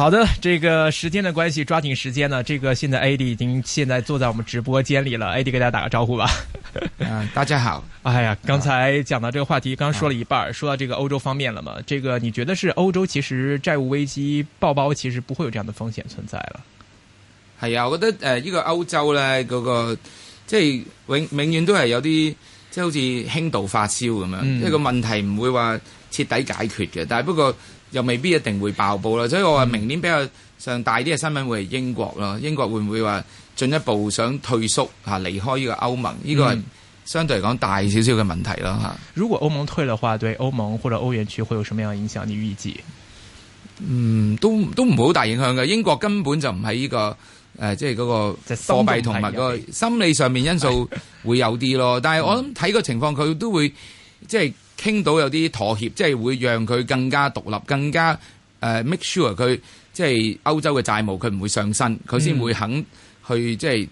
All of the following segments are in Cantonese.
好的，這個時間的關係，抓緊時間呢。這個現在 AD 已經現在坐在我們直播間裏了。AD，、uh, 給大家打個招呼吧。啊、 uh,，大家好。哎呀，剛才講到這個話題，uh. 剛，剛說了一半，說到這個歐洲方面了嘛。這個你覺得是歐洲其實債務危機爆煲，報報其實不會有這樣的風險存在了。係啊，我覺得誒，呢、呃這個歐洲咧，這個即係永永遠都係有啲即係好似輕度發燒咁樣，呢、嗯、個、就是、問題唔會話徹底解決嘅。但係不過。又未必一定會爆煲啦，所以我話明年比較上大啲嘅新聞會係英國啦。英國會唔會話進一步想退縮嚇離開呢個歐盟？呢、這個係相對嚟講大少少嘅問題啦嚇、嗯。如果歐盟退嘅話，對歐盟或者歐元區會有什麼樣嘅影響？你預計？嗯，都都唔好大影響嘅。英國根本就唔係呢個誒、呃，即係嗰個貨幣同埋個心理上面因素會有啲咯。 但係我諗睇個情況，佢都會即係。傾到有啲妥協，即係會讓佢更加獨立，更加誒、呃、make sure 佢即係歐洲嘅債務佢唔會上身。佢先會肯去即係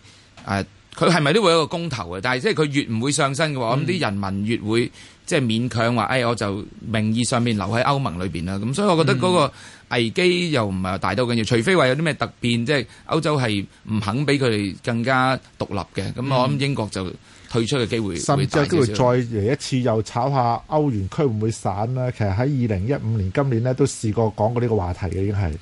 誒，佢係咪都會有個公投啊？但係即係佢越唔會上身嘅話，咁啲人民越會。即係勉強話，哎，我就名義上面留喺歐盟裏面啦。咁所以我覺得嗰個危機又唔係大到緊要，嗯，除非話有啲咩突變，即係歐洲係唔肯俾佢哋更加獨立嘅。咁我諗英國就退出嘅機會會大少少、嗯、甚至機會再嚟一次，又炒下歐元區會唔會散啦、啊？其實喺二零一五年、今年呢，都試過講過呢個話題嘅，已經係。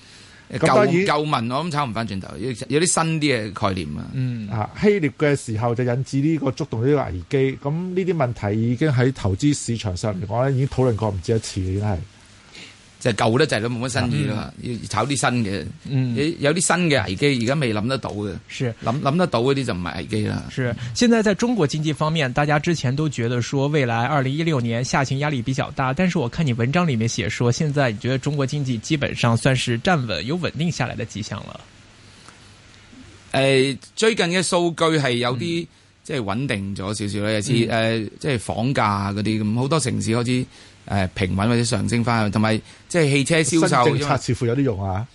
舊舊問我諗炒唔翻轉頭，有啲新啲嘅概念啊。嗯，啊，希臘嘅時候就引致呢個觸動呢啲危機，咁呢啲問題已經喺投資市場上嚟講咧，已經討論過唔止一次，已經係。就舊得滯咯，冇乜新意啦，嗯。要炒啲新嘅，嗯，有啲新嘅危機，而家未諗得到嘅。是諗諗得到嗰啲就唔係危機啦。是。現在在中國經濟方面，大家之前都覺得說未來二零一六年下行壓力比較大，但是我看你文章裏面寫說，現在你覺得中國經濟基本上算是站穩，有穩定下來的跡象了。誒、呃，最近嘅數據係有啲，嗯，即係穩定咗少少啦，似，呃、誒、嗯，即係房價嗰啲咁，好多城市好似。誒平穩或者上升翻去，同埋即係汽車銷售，新政策似乎有啲用嚇、啊。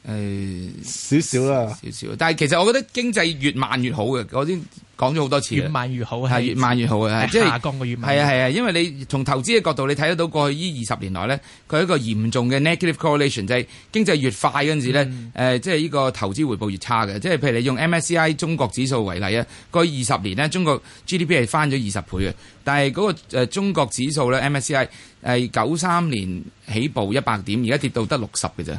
係、呃、少少啦，少少。但係其實我覺得經濟越慢越好嘅，我先講咗好多次。越慢越好是，係越慢越好嘅，係下,、就是、下降越慢越。係啊係啊，因為你從投資嘅角度，你睇得到過去呢二十年來呢，佢一個嚴重嘅 negative correlation，就係經濟越快嗰陣時誒，即係呢個投資回報越差嘅。即係譬如你用 MSCI 中國指數為例啊，過去二十年呢、那個呃，中國 GDP 係翻咗二十倍嘅，但係嗰個誒中國指數咧，MSCI 係九三年起步一百點，而家跌到得六十嘅啫。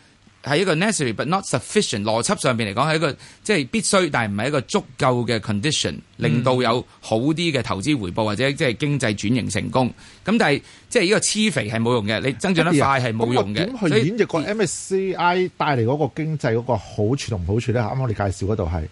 係一個 necessary but not sufficient，邏輯上面嚟講係一個即係必須，但係唔係一個足夠嘅 condition，令到有好啲嘅投資回報或者即係經濟轉型成功。咁但係即係呢個癡肥係冇用嘅，你增長得快係冇用嘅。咁、啊那個、去演繹過 MSCI 帶嚟嗰個經濟嗰個好處同唔好處咧？啱啱我哋介紹嗰度係。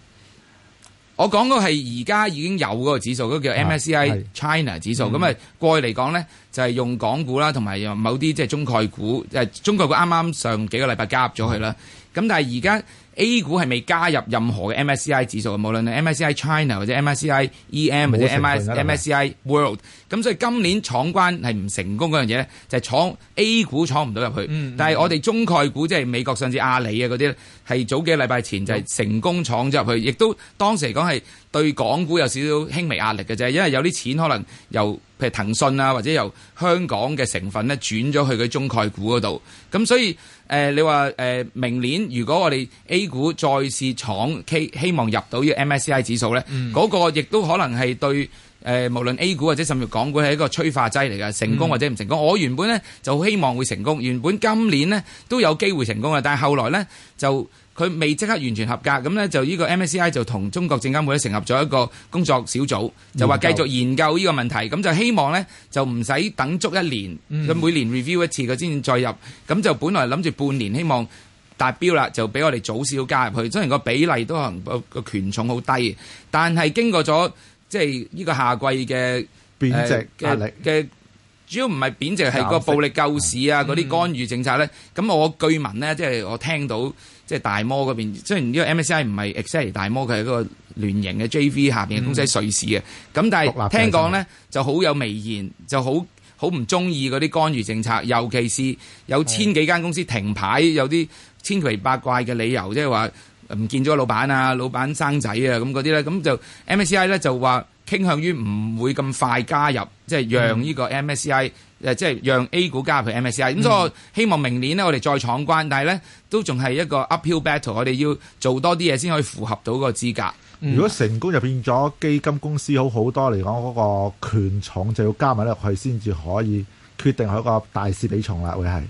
我講嗰係而家已經有嗰個指數，嗰個叫 MSCI China 指數。咁啊，過去嚟講咧，就係用港股啦，同埋用某啲即係中概股。中概股啱啱上幾個禮拜加入咗去啦。咁但係而家。A 股係未加入任何嘅 MSCI 指數，無論係 MSCI China 或者 MSCI EM 或者 MSCI World，咁所以今年闖關係唔成功嗰樣嘢咧，就係、是、闖 A 股闖唔到入去。嗯嗯、但係我哋中概股，即係美國甚至阿里啊嗰啲咧，係早幾個禮拜前就係成功闖咗入去，亦、嗯、都當時嚟講係對港股有少少輕微壓力嘅啫，因為有啲錢可能由譬如騰訊啊或者由香港嘅成分咧轉咗去佢中概股嗰度，咁所以。誒、呃，你話誒、呃，明年如果我哋 A 股，再次闖 K，希望入到呢個 MSCI 指數咧，嗰、嗯、個亦都可能係對。誒、呃，無論 A 股或者甚至港股係一個催化劑嚟嘅，成功或者唔成功。嗯、我原本呢就希望會成功，原本今年呢都有機會成功嘅，但係後來呢，就佢未即刻完全合格，咁呢，就呢個 MSCI 就同中國證監會成立咗一個工作小組，就話繼續研究呢個問題，咁就希望呢，就唔使等足一年，佢每年 review 一次佢先至再入，咁、嗯、就本來諗住半年希望達標啦，就俾我哋早少加入去，雖然個比例都可能個權重好低，但係經過咗。即係呢個夏季嘅貶值壓、呃、力嘅，主要唔係貶值，係個暴力救市啊！嗰啲干預政策咧，咁、嗯、我據聞呢，即、就、係、是、我聽到即係、就是、大摩嗰邊，雖然呢個 MSCI 唔係 exactly 大摩，佢係一個聯營嘅 JV 下面嘅公司、嗯、瑞士啊。咁但係聽講呢，就好有微言，就好好唔中意嗰啲干預政策，尤其是有千幾間公司停牌，有啲千奇百怪嘅理由，即係話。唔見咗老闆啊，老闆生仔啊，咁嗰啲咧，咁就 MSCI 咧就話傾向於唔會咁快加入，即係讓呢個 MSCI，誒、嗯、即係讓 A 股加入佢 MSCI。咁所以我希望明年呢，我哋再闖關，但係咧都仲係一個 uphill battle，我哋要做多啲嘢先可以符合到個資格。如果成功就變咗基金公司好好多嚟講嗰個權重就要加埋落去先至可以決定係一個大市比重啦，會係。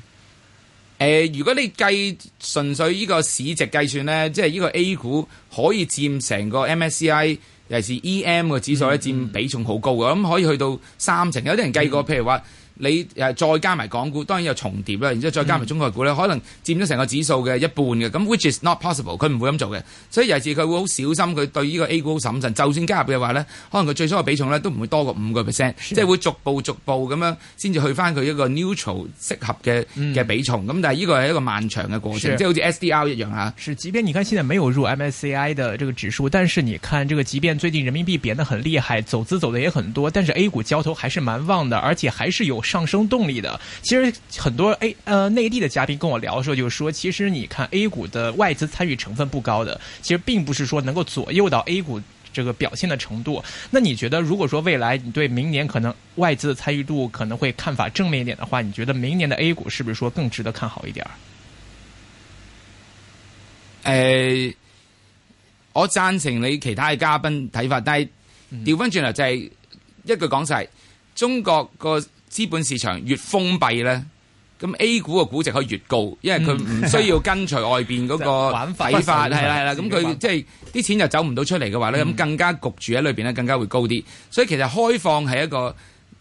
誒，如果你計純粹呢個市值計算呢，即係呢個 A 股可以佔成個 MSCI 尤其是 EM 嘅指數呢，佔比重好高㗎，咁可以去到三成。有啲人計過，譬如話，你再加埋港股，當然有重疊啦。然之後再加埋中國股咧，可能佔咗成個指數嘅一半嘅。咁、嗯、which is not possible，佢唔會咁做嘅。所以尤其是佢會好小心，佢對呢個 A 股好審慎。就算加入嘅話呢，可能佢最初嘅比重呢都唔會多過五個 percent，即係會逐步逐步咁樣先至去翻佢一個 neutral 適合嘅嘅比重。咁、嗯、但係呢個係一個漫長嘅過程，即係好似 SDR 一樣啊，是，即便你看現在沒有入 MSCI 嘅這個指數，但是你看這個即便最近人民幣貶得很厲害，走資走得也很多，但是 A 股交投還是蠻旺的，而且還是有。上升動力的，其實很多 A 呃內地的嘉賓跟我聊的時候，就是說，其實你看 A 股的外資參與成分不高的，其實並不是說能夠左右到 A 股這個表現的程度。那你覺得，如果說未來你對明年可能外資的參與度可能會看法正面一點的話，你覺得明年的 A 股是不是說更值得看好一點？誒、呃，我贊成你其他嘅嘉賓睇法，但係調翻轉頭就係一句講實，中國個。資本市場越封閉咧，咁 A 股嘅估值可以越高，因為佢唔需要跟隨外邊嗰個、嗯的就是、玩法，係啦係啦，咁佢即係啲錢就走唔到出嚟嘅話咧，咁更加焗住喺裏面，咧，更加會高啲。所以其實開放係一個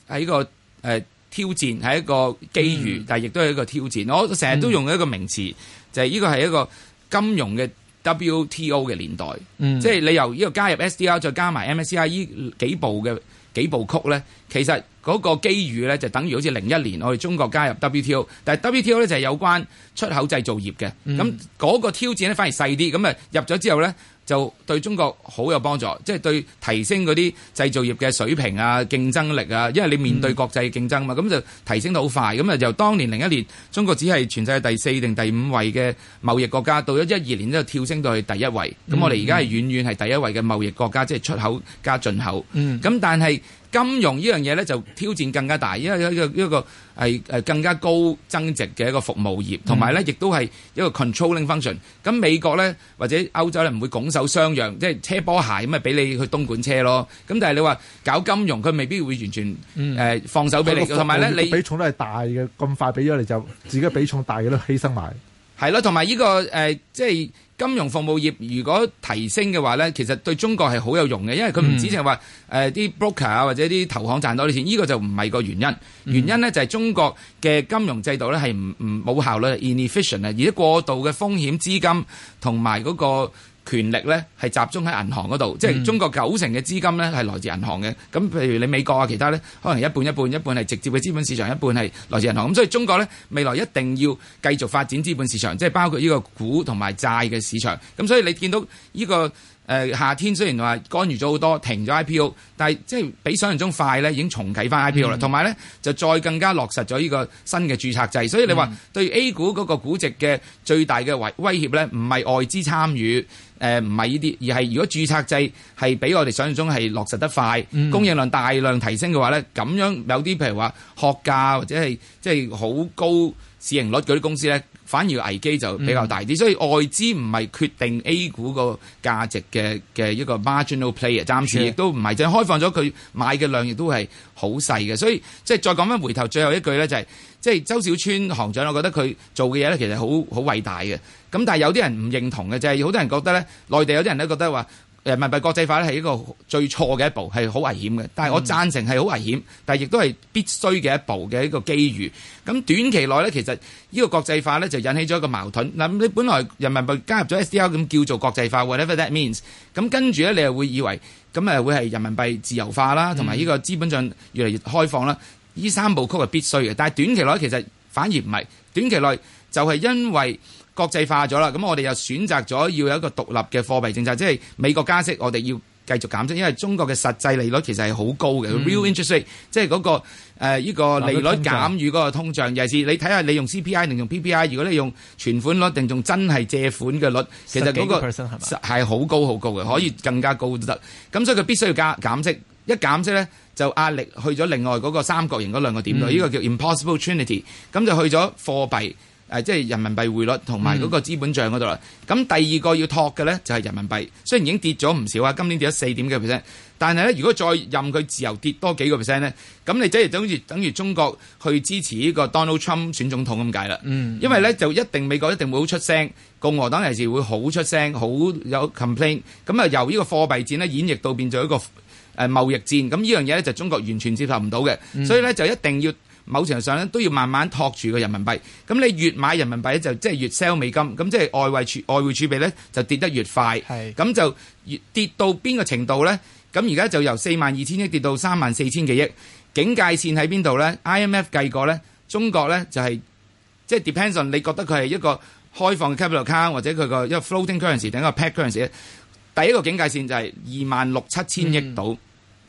係一個、呃、挑戰，係一個機遇，嗯、但亦都係一個挑戰。我成日都用一個名詞，就係、是、呢個係一個金融嘅 WTO 嘅年代，即、就、係、是、你由呢個加入 SDR，再加埋 MSCI 呢幾步嘅。幾部曲咧，其實嗰個機遇咧就等於好似零一年我哋中國加入 WTO，但係 WTO 咧就係有關出口製造業嘅，咁嗰個挑戰咧反而細啲，咁啊入咗之後咧。就對中國好有幫助，即係對提升嗰啲製造業嘅水平啊、競爭力啊，因為你面對國際競爭嘛，咁，嗯，就提升得好快。咁啊，由當年零一年，中國只係全世界第四定第五位嘅貿易國家，到咗一二年之後跳升到去第一位。咁，嗯，我哋而家係遠遠係第一位嘅貿易國家，即係出口加進口。咁，嗯，但係，金融呢樣嘢咧就挑戰更加大，因為一個，一個，一個，一個，一個更加高增值嘅一個服務業，同埋咧亦都係一個 controlling function。咁美國咧或者歐洲咧唔會拱手相讓，即係車波鞋咁咪俾你去東莞車咯。咁但係你話搞金融，佢未必會完全誒、呃、放手俾你嘅，同埋咧你比重都係大嘅，咁快俾咗你就自己比重大嘅都犧牲埋。係啦，同埋呢個、呃、即係。金融服務業如果提升嘅話咧，其實對中國係好有用嘅，因為佢唔止淨係話誒啲 broker 啊或者啲投行賺多啲錢，呢、呢個就唔係個原因。原因咧、嗯、就係、係、中國嘅金融制度咧係唔唔冇效率，inefficient 啊，而且過度嘅風險資金同埋嗰個。權力呢係集中喺銀行嗰度，即係中國九成嘅資金呢係來自銀行嘅。咁譬如你美國啊，其他呢可能一半一半，一半係直接嘅資本市場，一半係來自銀行。咁所以中國呢，未來一定要繼續發展資本市場，即係包括呢個股同埋債嘅市場。咁所以你見到呢個。誒夏天雖然話干預咗好多，停咗 IPO，但係即係比想象中快咧，已經重啟翻 IPO 啦。同埋咧，就再更加落實咗呢個新嘅註冊制。所以你話對 A 股嗰個估值嘅最大嘅威威脅咧，唔係外資參與，誒唔係呢啲，而係如果註冊制係比我哋想象中係落實得快，嗯、供應量大量提升嘅話咧，咁樣有啲譬如話學價或者係即係好高市盈率嗰啲公司咧。反而危機就比較大啲，所以外資唔係決定 A 股個價值嘅嘅一個 marginal player，暫時亦都唔係，淨係開放咗佢買嘅量亦都係好細嘅，所以即係再講翻回頭最後一句咧、就是，就係即係周小川行長，我覺得佢做嘅嘢咧其實好好偉大嘅，咁但係有啲人唔認同嘅就係好多人覺得咧，內地有啲人都覺得話。人民幣國際化咧係一個最錯嘅一步，係好危險嘅。但係我贊成係好危險，但係亦都係必須嘅一步嘅一個機遇。咁短期內咧，其實呢個國際化咧就引起咗一個矛盾。嗱，你本來人民幣加入咗 SDR 咁叫做國際化，whatever that means，咁跟住咧你又會以為咁誒會係人民幣自由化啦，同埋呢個資本帳越嚟越開放啦。呢、嗯、三部曲係必須嘅，但係短期內其實。反而唔係，短期內就係因為國際化咗啦，咁我哋又選擇咗要有一個獨立嘅貨幣政策，即係美國加息，我哋要繼續減息，因為中國嘅實際利率其實係好高嘅、嗯、real interest rate，即係嗰、那個呢、呃這個利率減與嗰個通脹，尤其是你睇下你用 CPI 定用 PPI，如果你用存款率定仲真係借款嘅率，其實嗰個係好高好高嘅，可以更加高都得，咁、嗯、所以佢必須要加減息。一減息咧，就壓力去咗另外嗰個三角形嗰兩個點度，呢、嗯呢個叫 Impossible Trinity，咁就去咗貨幣即係、呃就是、人民幣匯率同埋嗰個資本帳嗰度啦。咁、嗯、第二個要托嘅咧，就係、是、人民幣，雖然已經跌咗唔少啊，今年跌咗四點幾 percent，但係咧如果再任佢自由跌多幾個 percent 咧，咁你即係等於等於中國去支持呢個 Donald Trump 選總統咁解啦。嗯，因為咧就一定美國一定會好出聲，共和黨人士會好出聲，好有 complain，咁啊由呢個貨幣戰咧演繹到變咗一個。誒貿易戰咁，呢樣嘢咧就中國完全接受唔到嘅，所以咧就一定要某程度上咧都要慢慢托住個人民幣。咁你越買人民幣咧就即係越 sell 美金，咁即係外匯儲外匯儲備咧就跌得越快。係，咁就越跌到邊個程度咧？咁而家就由四萬二千億跌到三萬四千幾億。警戒線喺邊度咧？IMF 計過咧，中國咧就係即係 depends on 你覺得佢係一個開放嘅 capital account 或者佢個一個 floating currency 定一個 peg currency，第一個警戒線就係二萬六七千億到。嗯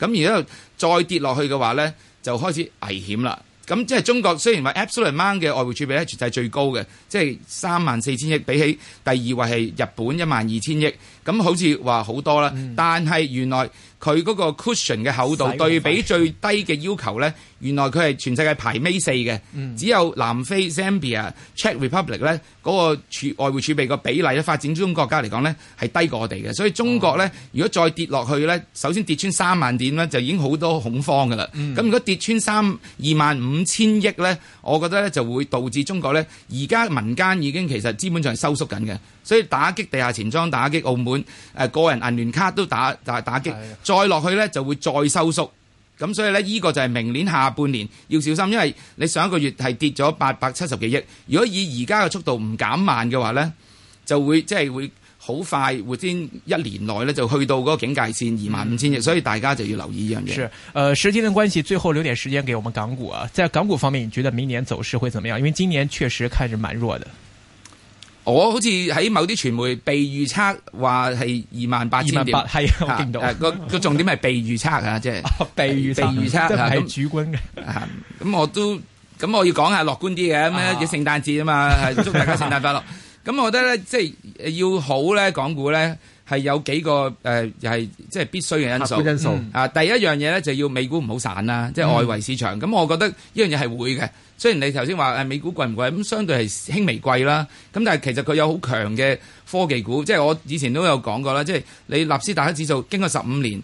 咁而家再跌落去嘅話呢，就開始危險啦。咁、嗯、即係中國雖然話 absolute amount 嘅外匯儲備呢，全世界最高嘅，即係三萬四千億，比起第二位係日本一萬二千億，咁好似話好多啦、嗯。但係原來，佢嗰個 cushion 嘅厚度對比最低嘅要求呢，原來佢係全世界排尾四嘅、嗯，只有南非、Zambia、Czech Republic 呢，嗰、嗰個儲外匯儲備個比例咧，發展中國家嚟講呢，係低過我哋嘅。所以中國呢，哦、如果再跌落去呢，首先跌穿三萬點呢，就已經好多恐慌㗎啦。咁、嗯、如果跌穿三二萬五千億呢，我覺得呢就會導致中國呢，而家民間已經其實基本上係收縮緊嘅。所以打擊地下錢莊，打擊澳門誒、呃、個人銀聯卡都打打打擊，再落去呢就會再收縮。咁所以呢，呢、這個就係明年下半年要小心，因為你上一個月係跌咗八百七十幾億。如果以而家嘅速度唔減慢嘅話、就是、呢，就會即係會好快，會先一年內呢就去到嗰個警戒線二萬五千億。所以大家就要留意依樣嘢。是，誒、呃、時間嘅關係，最後留點時間給我們港股啊。在港股方面，你覺得明年走勢會怎麼樣？因為今年確實開始蠻弱的。我好似喺某啲傳媒被預測話係二萬八千點，係啊，啊我聽到個、 啊、個重點係被預測啊，即、就、係、是、 被預測，即係係主觀嘅。咁、 啊啊嗯嗯、我都咁我要講下樂觀啲嘅、啊，咁聖誕節啊嘛，係、啊啊啊、祝大家聖誕快樂。咁、 啊、我覺得咧，即係要好咧，港股咧。係有幾個誒，又係即係必須嘅因素、嗯。啊，第一樣嘢咧就要美股唔好散啦，即係外圍市場。咁、嗯、我覺得呢樣嘢係會嘅。雖然你頭先話誒美股貴唔貴，咁相對係輕微貴啦。咁但係其實佢有好強嘅科技股，即係我以前都有講過啦，即係你納斯達克指數經過十五年。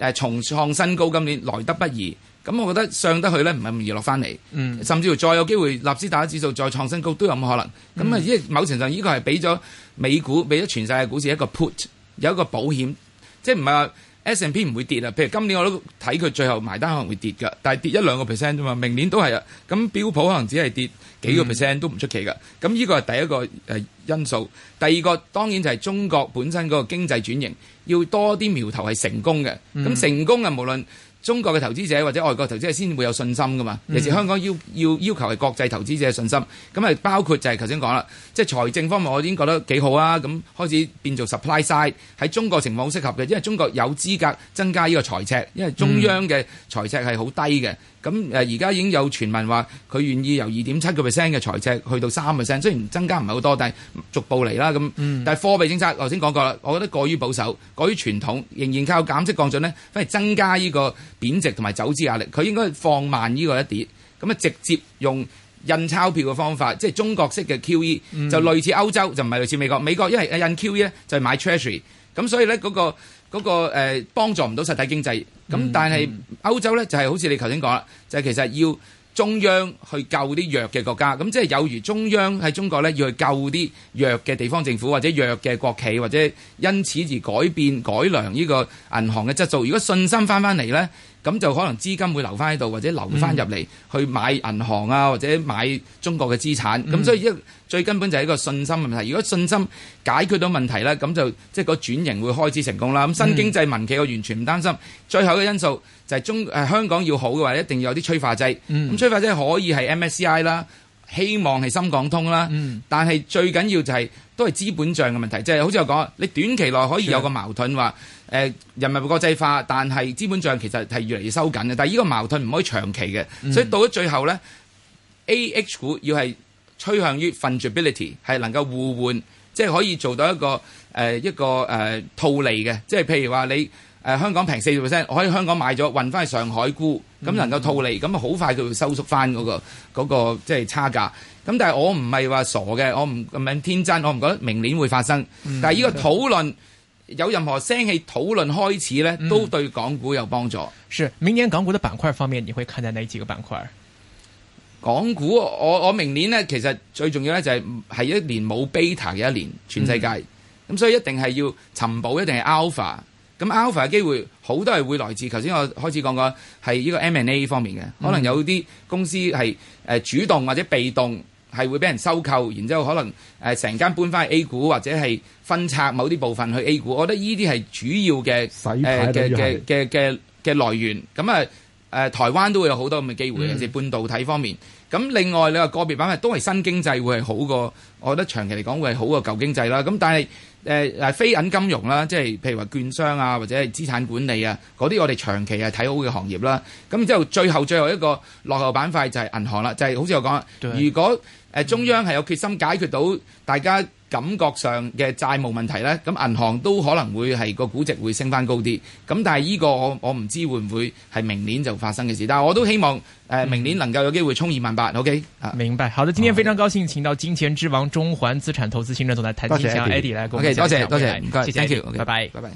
誒重創新高，今年來得不易，咁我覺得上得去咧，唔係唔易落翻嚟，嗯、甚至乎再有機會納斯達克指數再創新高都有咁可能。咁啊，呢某程度上，呢個係俾咗美股，俾咗全世界股市一個 put，有一個保險，即係唔係話。S&P 唔會跌啊，譬如今年我都睇佢最後埋單可能會跌噶，但係跌一兩個 percent 啫嘛。明年都係啊，咁標普可能只係跌幾個 percent 都唔出奇嘅。咁、嗯、呢個係第一個誒因素，第二個當然就係中國本身嗰個經濟轉型要多啲苗頭係成功嘅。咁成功嘅，無論中國嘅投資者或者外國投資者先會有信心㗎嘛，尤其是香港要要要求係國際投資者信心，咁啊包括就係頭先講啦，即係財政方面我已經覺得幾好啊，咁開始變做 supply side 喺中國情況好適合嘅，因為中國有資格增加呢個財赤，因為中央嘅財赤係好低嘅。咁誒，而家已經有傳聞話佢願意由二點七個 percent 嘅財赤去到三 percent，雖然增加唔係好多，但係逐步嚟啦。咁、嗯，但係貨幣政策頭先講過啦，我覺得過於保守、過於傳統，仍然靠減息降準咧，反而增加呢個貶值同埋走資壓力。佢應該放慢呢個一啲，咁啊直接用印鈔票嘅方法，即係中國式嘅 QE，就類似歐洲，就唔係類似美國。美國因為印 QE 咧就係買 Treasury，咁所以咧嗰個。嗰個，呃，幫助唔到實體經濟，咁但係歐洲呢，就係好似你頭先講啦，就係其實要中央去救啲弱嘅國家，咁即係有如中央喺中國呢，要去救啲弱嘅地方政府或者弱嘅國企，或者因此而改變改良呢個銀行嘅質素。如果信心翻翻嚟呢。咁就可能資金會留翻喺度，或者留翻入嚟去買銀行啊，或者買中國嘅資產。咁、嗯、所以一最根本就係一個信心嘅問題。如果信心解決到問題咧，咁就即係、就是、個轉型會開始成功啦。咁新經濟民企我完全唔擔心。最後嘅因素就係中誒香港要好嘅話，一定要有啲催化劑。咁、嗯、催化劑可以係 MSCI 啦。希望係深港通啦，但係最緊要就係都係資本帳嘅問題，即係好似我講，你短期內可以有個矛盾話，誒、呃、人民不國際化，但係資本帳其實係越嚟越收緊嘅。但係呢個矛盾唔可以長期嘅，所以到咗最後呢、嗯、AH 股要係趨向於 fungibility，係能夠互換，即係可以做到一個、呃、一個、呃、套利嘅，即係譬如話你。誒、呃、香港平四十 percent，我喺香港買咗運翻去上海沽，咁能夠套利，咁啊好快就會收縮翻嗰、那個即係、那個就是、差價。咁但係我唔係話傻嘅，我唔咁樣天真，我唔覺得明年會發生。嗯、但係呢個討論有任何聲氣討論開始咧、嗯，都對港股有幫助。是明年港股的板塊方面，你會看在哪幾個板塊？港股我我明年呢，其實最重要呢、就是，就係係一年冇 beta 嘅一年，全世界咁、嗯嗯，所以一定係要尋寶，一定係 alpha。咁 Alpha 嘅機會，好多係會來自頭先我開始講過係呢個 M&A 方面嘅，可能有啲公司係、呃、主動或者被動係會俾人收購，然之後可能成間、呃、搬翻去 A 股或者係分拆某啲部分去 A 股，我覺得呢啲係主要嘅誒嘅嘅嘅嘅嘅來源。咁啊誒，台灣都會有好多咁嘅機會，嗯、尤其半導體方面。咁另外你話個別板係都係新經濟會係好過，我覺得長期嚟講會係好過舊經濟啦。咁但係。誒誒非銀金融啦，即係譬如話券商啊，或者係資產管理啊，嗰啲我哋長期係睇好嘅行業啦。咁然之後，最後最後一個落後板塊就係銀行啦，就係、是、好似我講，如果。誒中央係有決心解決到大家感覺上嘅債務問題咧，咁銀行都可能會係個估值會升翻高啲。咁但係呢個我我唔知會唔會係明年就發生嘅事。但係我都希望誒明年能夠有機會衝二萬八。OK，明白。好的，今天非常高興請到金錢之王中環資產投資行政總裁譚新強 Adi 來跟我哋分享。多謝多謝，Thank you，拜拜拜拜。